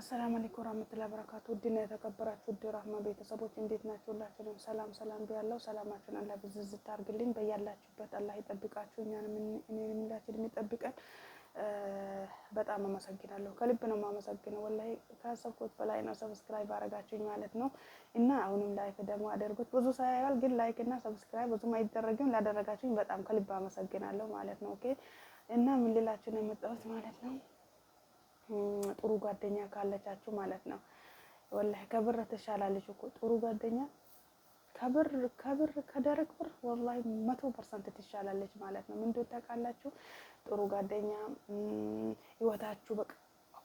አሰላም አለይኩም ወራህመቱላሂ ወበረካቱ። ውድና የተከበራችሁ ውድ ራህማ ቤተሰቦች እንዴት ናችሁ? ሁላችሁንም ሰላም ሰላም ብያለሁ። ሰላማችሁን አላህ ብዝዝት አድርግልኝ። በያላችሁበት አላህ ይጠብቃችሁ፣ እኛንም ሁላችንም ይጠብቀን። በጣም አመሰግናለሁ። ከልብ ነው የማመሰግነው። ወላሂ ካሰብኩት በላይ ነው ሰብስክራይብ አረጋችሁኝ ማለት ነው። እና አሁንም ላይክ ደግሞ አደርጉት። ብዙ ሳያል ግን ላይክ እና ሰብስክራይብ ብዙም አይደረግም። ላደረጋችሁኝ በጣም ከልብ አመሰግናለሁ ማለት ነው። ኦኬ። እና ምን ልላችሁ ነው የመጣሁት ማለት ነው ጥሩ ጓደኛ ካለቻችሁ ማለት ነው። ወላሂ ከብር ትሻላለች እኮ ጥሩ ጓደኛ ከብር ከብር ከደረቅ ብር ወላሂ መቶ ፐርሰንት ትሻላለች ማለት ነው። ምንድን ታውቃላችሁ? ጥሩ ጓደኛ ህይወታችሁ በቃ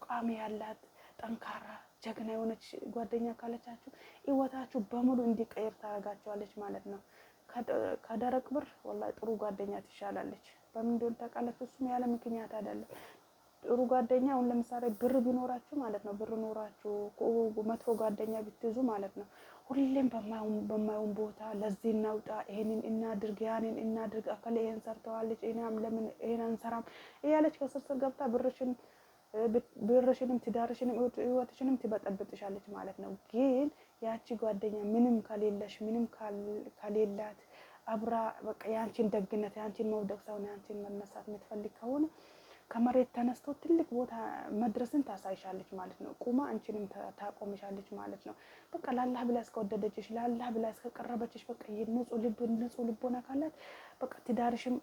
ቋሚ ያላት ጠንካራ ጀግና የሆነች ጓደኛ ካለቻችሁ ህይወታችሁ በሙሉ እንዲቀየር ታደርጋችኋለች ማለት ነው። ከደረቅ ብር ወላሂ ጥሩ ጓደኛ ትሻላለች። በምን እንደሆነ ታውቃላችሁ? እሱም ያለ ምክንያት አይደለም። ጥሩ ጓደኛ አሁን ለምሳሌ ብር ቢኖራችሁ ማለት ነው ብር ኖራችሁ መጥፎ ጓደኛ ብትይዙ ማለት ነው ሁሌም በማይሆን ቦታ ለዚህ እናውጣ፣ ይሄንን እናድርግ፣ ያንን እናድርግ፣ አካል ይሄን ሰርተዋለች፣ ይሄናም ለምን ይሄን አንሰራም እያለች ከስር ገብታ ብርሽን ብርሽንም ትዳርሽንም ህይወትሽንም ትበጠብጥሻለች ማለት ነው። ግን ያቺ ጓደኛ ምንም ከሌለሽ ምንም ከሌላት አብራ በቃ ያንቺን ደግነት ያንቺን መውደቅ ሳይሆን ያንቺን መነሳት የምትፈልግ ከሆነ ከመሬት ተነስቶ ትልቅ ቦታ መድረስን ታሳይሻለች ማለት ነው። ቁማ አንቺንም ታቆምሻለች ማለት ነው። በቃ ላላህ ብላ እስከወደደችሽ፣ ላላህ ብላ እስከቀረበችሽ፣ በቃ ንጹህ ልብ ንጹህ ልቦና ካላት በቃ ትዳርሽም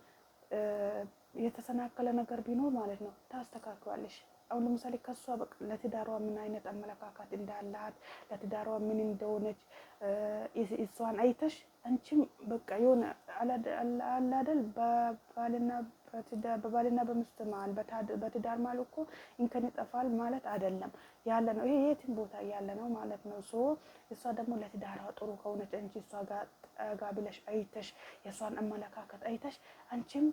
የተሰናከለ ነገር ቢኖር ማለት ነው ታስተካክላለሽ። አሁን ለምሳሌ ከሷ በቃ ለትዳሯ ምን አይነት አመለካከት እንዳላት ለትዳሯ ምን እንደሆነች እሷን አይተሽ አንቺም በቃ የሆነ አላደል በባልና በባልና በሚስት መሀል በትዳር መሀል እኮ እንከን ይጠፋል ማለት አይደለም። ያለ ነው ይሄ የትም ቦታ ያለ ነው ማለት ነው። ሶ እሷ ደግሞ ለትዳሯ ጥሩ ከሆነች እንጂ እሷ ጋር ጠጋ ብለሽ አይተሽ የእሷን አመለካከት አይተሽ አንቺም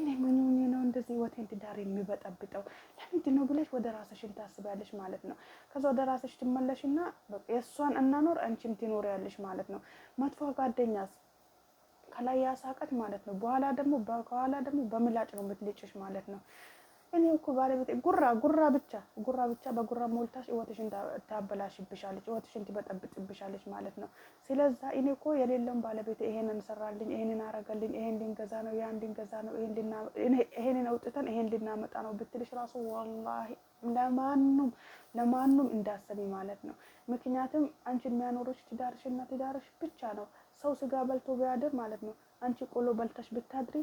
እኔ ምን ሆኜ ነው እንደዚህ ወቴን ትዳር የሚበጠብጠው ለምንድን ነው ብለሽ ወደ ራስሽን ታስቢያለሽ ማለት ነው። ከዛ ወደ ራስሽ ትመለሽና የእሷን እናኖር አንቺም ትኖሪያለሽ ማለት ነው። መጥፎ ጓደኛስ ከላይ ያሳቀት ማለት ነው። በኋላ ደግሞ ከኋላ ደግሞ በምላጭ ነው የምትልጭሽ ማለት ነው። እኔ እኮ ባለቤት ጉራ ጉራ ብቻ ጉራ ብቻ በጉራ ሞልታሽ ህይወትሽን ታበላሽብሻለች፣ ህይወትሽን ትበጠብጥብሻለች ማለት ነው። ስለዛ እኔ እኮ የሌለውን ባለቤት ይሄንን ሰራልኝ፣ ይሄንን አረገልኝ፣ ይሄን ልንገዛ ነው፣ ያን ልንገዛ ነው፣ ይሄን አውጥተን ይሄን ልናመጣ ነው ብትልሽ ራሱ ወላሂ ለማንም ለማንም እንዳሰቢ ማለት ነው። ምክንያቱም አንቺ የሚያኖርሽ ትዳርሽና ትዳርሽ ብቻ ነው። ሰው ስጋ በልቶ ቢያድር ማለት ነው። አንቺ ቆሎ በልተሽ ብታድሪ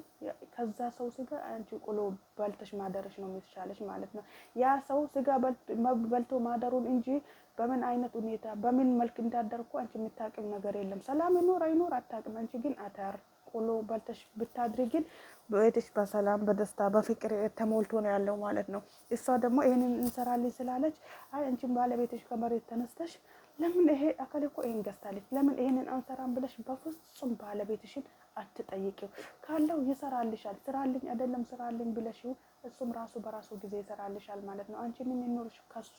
ከዛ ሰው ስጋ አንቺ ቆሎ በልተሽ ማደረሽ ነው የሚሻለሽ ማለት ነው። ያ ሰው ስጋ በልቶ ማደሩን እንጂ በምን አይነት ሁኔታ በምን መልክ እንዳደርኩ አንቺ የምታቅም ነገር የለም። ሰላም ይኖር አይኖር አታቅም። አንቺ ግን አታር ቆሎ በልተሽ ብታድሪ ግን በሰላም በደስታ በፍቅር ተሞልቶ ነው ያለው ማለት ነው። እሷ ደግሞ ይህንን እንሰራልኝ ስላለች አይ አንቺን ባለቤትሽ ከመሬት ተነስተሽ ለምን ይሄ አካል እኮ ይሄን ገዝታለች ለምን ይሄንን አንሰራም ብለሽ በፍጹም ባለቤትሽን አትጠይቂው። ካለው ይሰራልሻል። ስራልኝ አይደለም ስራልኝ ብለሽው እሱም ራሱ በራሱ ጊዜ ይሰራልሻል ማለት ነው። አንቺ ምን ይኖርሽ? ከሱ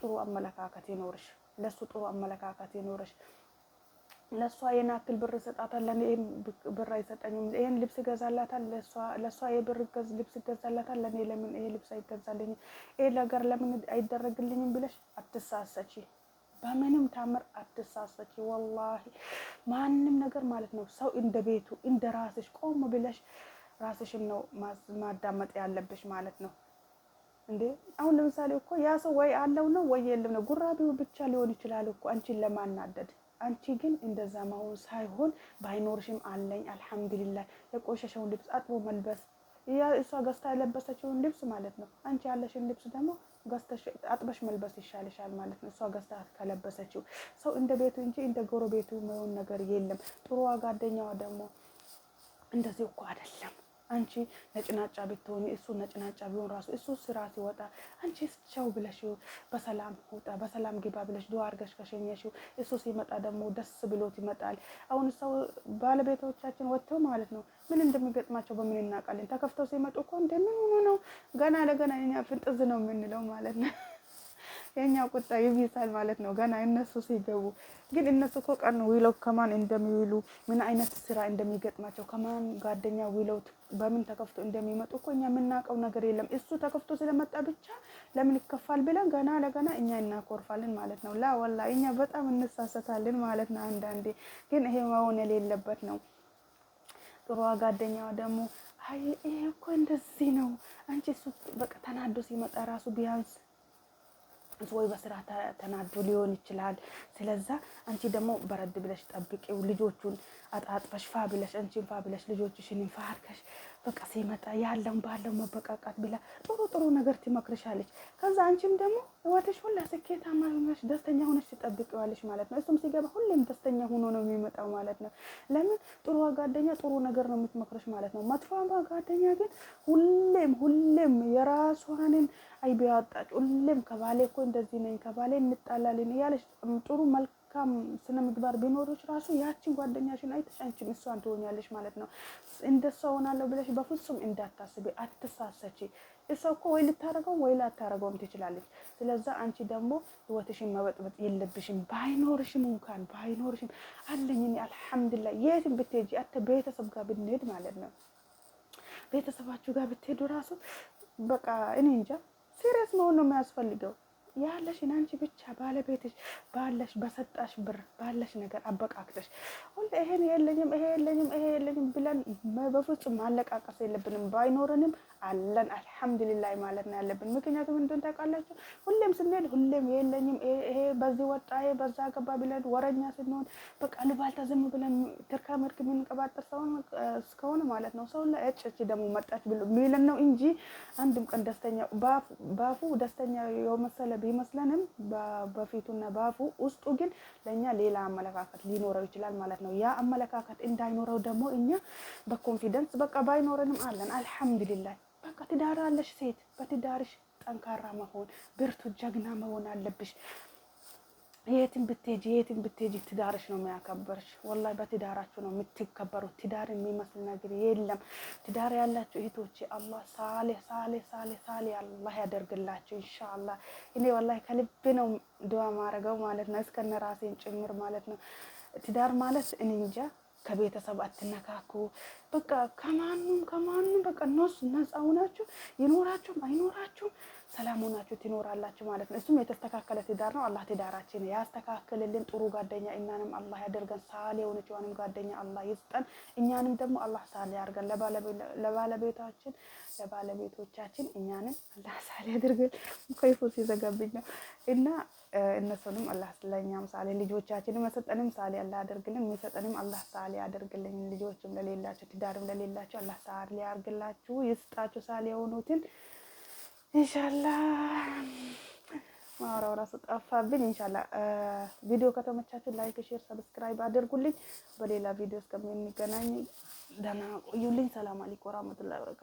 ጥሩ አመለካከት ይኖርሽ፣ ለሱ ጥሩ አመለካከት ይኖርሽ። ለእሷ ይህን አክል ብር እሰጣታለሁ፣ ይህን ብር አይሰጠኝም፣ ይህን ልብስ እገዛላታል፣ ለእሷ የብር ልብስ ይገዛላታል፣ ለእኔ ለምን ይሄ ልብስ አይገዛልኝም፣ ይሄ ነገር ለምን አይደረግልኝም ብለሽ አትሳሰች በምንም ታምር አትሳሰች። ወላሂ ማንም ነገር ማለት ነው ሰው እንደ ቤቱ እንደ ራስሽ ቆም ብለሽ ራስሽን ነው ማዳመጥ ያለብሽ ማለት ነው። እንዴ አሁን ለምሳሌ እኮ ያ ሰው ወይ አለው ነው ወይ የለም ነው። ጉራቢው ብቻ ሊሆን ይችላል እኮ አንቺን ለማናደድ አንቺ ግን እንደዛ መሆን ሳይሆን ባይኖርሽም አለኝ አልሐምዱሊላህ የቆሸሸውን ልብስ አጥቦ መልበስ ያ እሷ ገዝታ የለበሰችውን ልብስ ማለት ነው። አንቺ ያለሽን ልብስ ደግሞ አጥበሽ መልበስ ይሻልሻል ማለት ነው። እሷ ገዝታ ከለበሰችው ሰው እንደ ቤቱ እንጂ እንደ ጎረቤቱ መሆን ነገር የለም። ጥሩዋ ጓደኛዋ ደግሞ እንደዚህ እኮ አይደለም አንቺ ነጭናጫ ብትሆኒ እሱ ነጭናጫ ቢሆን ራሱ እሱ ስራ ሲወጣ አንቺ ቸው ብለሽ በሰላም ውጣ በሰላም ግባ ብለሽ ዱዓ አድርገሽ ከሸኘሽው እሱ ሲመጣ ደግሞ ደስ ብሎት ይመጣል። አሁን ሰው ባለቤቶቻችን ወጥተው ማለት ነው ምን እንደሚገጥማቸው በምን እናውቃለን? ተከፍተው ሲመጡ እኮ እንደምን ሆኖ ነው ገና ለገና ፍንጥዝ ነው የምንለው ማለት ነው። የኛ ቁጣ ይብሳል ማለት ነው። ገና እነሱ ሲገቡ ግን እነሱ እኮ ቀን ውለው ከማን እንደሚውሉ ምን አይነት ስራ እንደሚገጥማቸው ከማን ጓደኛ ውለው በምን ተከፍቶ እንደሚመጡ እኮ እኛ የምናውቀው ነገር የለም። እሱ ተከፍቶ ስለመጣ ብቻ ለምን ይከፋል ብለን ገና ለገና እኛ እናኮርፋለን ማለት ነው። ላ ወላ እኛ በጣም እንሳሰታልን ማለት ነው። አንዳንዴ ግን ይሄ መሆን የሌለበት ነው። ጥሩ ጓደኛዋ ደግሞ አይ ይሄ እኮ እንደዚህ ነው። አንቺ እሱ በቃ ተናዶ ሲመጣ ራሱ ቢያንስ ወይ በስራ ተናዶ ሊሆን ይችላል። ስለዛ አንቺ ደግሞ በረድ ብለሽ ጠብቂው ልጆቹን አጣጥፈሽ ፋብለሽ አንቺን ፋብለሽ ልጆችሽንም ፋርከሽ በቃ ሲመጣ ያለን ባለው መበቃቃት ብላ ጥሩ ጥሩ ነገር ትመክርሻለች። ከዛ አንቺም ደግሞ ህይወትሽ ሁላ ስኬታማ ሆነሽ ደስተኛ ሆነሽ ትጠብቂዋለሽ ማለት ነው። እሱም ሲገባ ሁሌም ደስተኛ ሆኖ ነው የሚመጣው ማለት ነው። ለምን ጥሩ ጓደኛ ጥሩ ነገር ነው የምትመክርሽ ማለት ነው። መጥፎ ጓደኛ ግን ሁሌም ሁሌም የራሷንን አይቢያወጣች ሁሌም ከባሌ እኮ እንደዚህ ነኝ ከባሌ እንጣላለን እያለች ጥሩ መልክ መልካም ስነ ምግባር ቢኖሮች ራሱ ያችን ጓደኛሽን አይተሽ አንቺም እሷን ትሆኛለሽ ማለት ነው። እንደሷ ሆናለሁ ብለሽ በፍጹም እንዳታስቢ፣ አትሳሰች። እሷ እኮ ወይ ልታረገው ወይ ላታረገውም ትችላለች። ስለዛ አንቺ ደግሞ ህይወትሽን መበጥበጥ የለብሽም። ባይኖርሽም እንኳን ባይኖርሽም አለኝ እኔ አልሐምዱሊላህ። የትም ብትሄጂ አተ ቤተሰብ ጋር ብንሄድ ማለት ነው ቤተሰባችሁ ጋር ብትሄዱ ራሱ በቃ እኔ እንጃ ሲሪየስ መሆን ነው የሚያስፈልገው። ያለሽን አንቺ ብቻ ባለቤትሽ ባለሽ በሰጣሽ ብር ባለሽ ነገር አበቃቅተሽ ሁሌ ይሄን የለኝም ይሄ የለኝም ይሄ የለኝም ብለን በፍጹም ማለቃቀስ የለብንም። ባይኖረንም አለን አልሐምዱሊላህ ማለት ነው ያለብን። ምክንያቱም እንደን ታውቃላችሁ፣ ሁሌም ስንሄድ ሁሌም የለኝም ይሄ በዚህ ወጣ ይሄ በዛ ገባ ብለን ወረኛ ስንሆን በቃ ልባልታ ዝም ብለን ትርካ መርክ የምንቀባጠር ሰውን እስከሆነ ማለት ነው ሰው ለእጭ እቺ ደግሞ መጣች ብሎ ሚለን ነው እንጂ አንድም ቀን ደስተኛ ባፉ ደስተኛ የመሰለ ቢመስለንም በፊቱና ባፉ ውስጡ ግን ለእኛ ሌላ አመለካከት ሊኖረው ይችላል ማለት ነው። ያ አመለካከት እንዳይኖረው ደግሞ እኛ በኮንፊደንስ በቃ ባይኖረንም አለን አልሐምዱሊላህ በቃ ትዳር አለሽ ሴት፣ በትዳርሽ ጠንካራ መሆን ብርቱ ጀግና መሆን አለብሽ። የትን ብትሄጂ የትን ብትሄጂ ትዳርሽ ነው የሚያከበርሽ። ወላሂ በትዳራችሁ ነው የምትከበሩ። ትዳር የሚመስል ነገር የለም። ትዳር ያላችሁ እህቶች አላህ ሳሌ ሳሌ ሳሌ ሳሌ አላህ ያደርግላችሁ ኢንሻአላህ። እኔ ወላሂ ከልብ ነው ዱዓ ማረገው ማለት ነው እስከነ ራሴን ጭምር ማለት ነው። ትዳር ማለት እኔ እንጃ ከቤተሰብ አትነካኩ በቃ ከማንም ከማንም በቃ እነሱ ነፃ ሆናችሁ ይኖራችሁም አይኖራችሁም ሰላም ሆናችሁ ትኖራላችሁ ማለት ነው። እሱም የተስተካከለ ትዳር ነው። አላህ ትዳራችን ያስተካክልልን። ጥሩ ጓደኛ እኛንም አላህ ያደርገን። የሆነች የሆነችዋንም ጓደኛ አላህ ይስጠን። እኛንም ደግሞ አላህ ሳሌ ያርገን። ለባለቤታችን ለባለቤቶቻችን እኛንም አላህ ሳሌ ያደርገን። ከይፎ ሲዘጋብኝ ነው እና እነሱንም አላህ ስለኛም ሳሌ ልጆቻችን መሰጠንም ሳሌ አላህ ያደርግልን። የሚሰጠንም አላህ ሳሌ ያደርግልን። ልጆችም ለሌላቸው ትዳር ለሌላቸው አላህ ሳር ሊያርግላችሁ ይስጣችሁ። ሳል የሆኑትን ኢንሻላህ ማውራው ራሱ ጠፋብኝ። እንሻላ ቪዲዮ ከተመቻችሁ ላይክ፣ ሼር፣ ሰብስክራይብ አድርጉልኝ። በሌላ ቪዲዮ እስከምንገናኝ ደህና ቆዩልኝ። ሰላም አለይኩም ወራህመቱላሂ ወበረካቱ።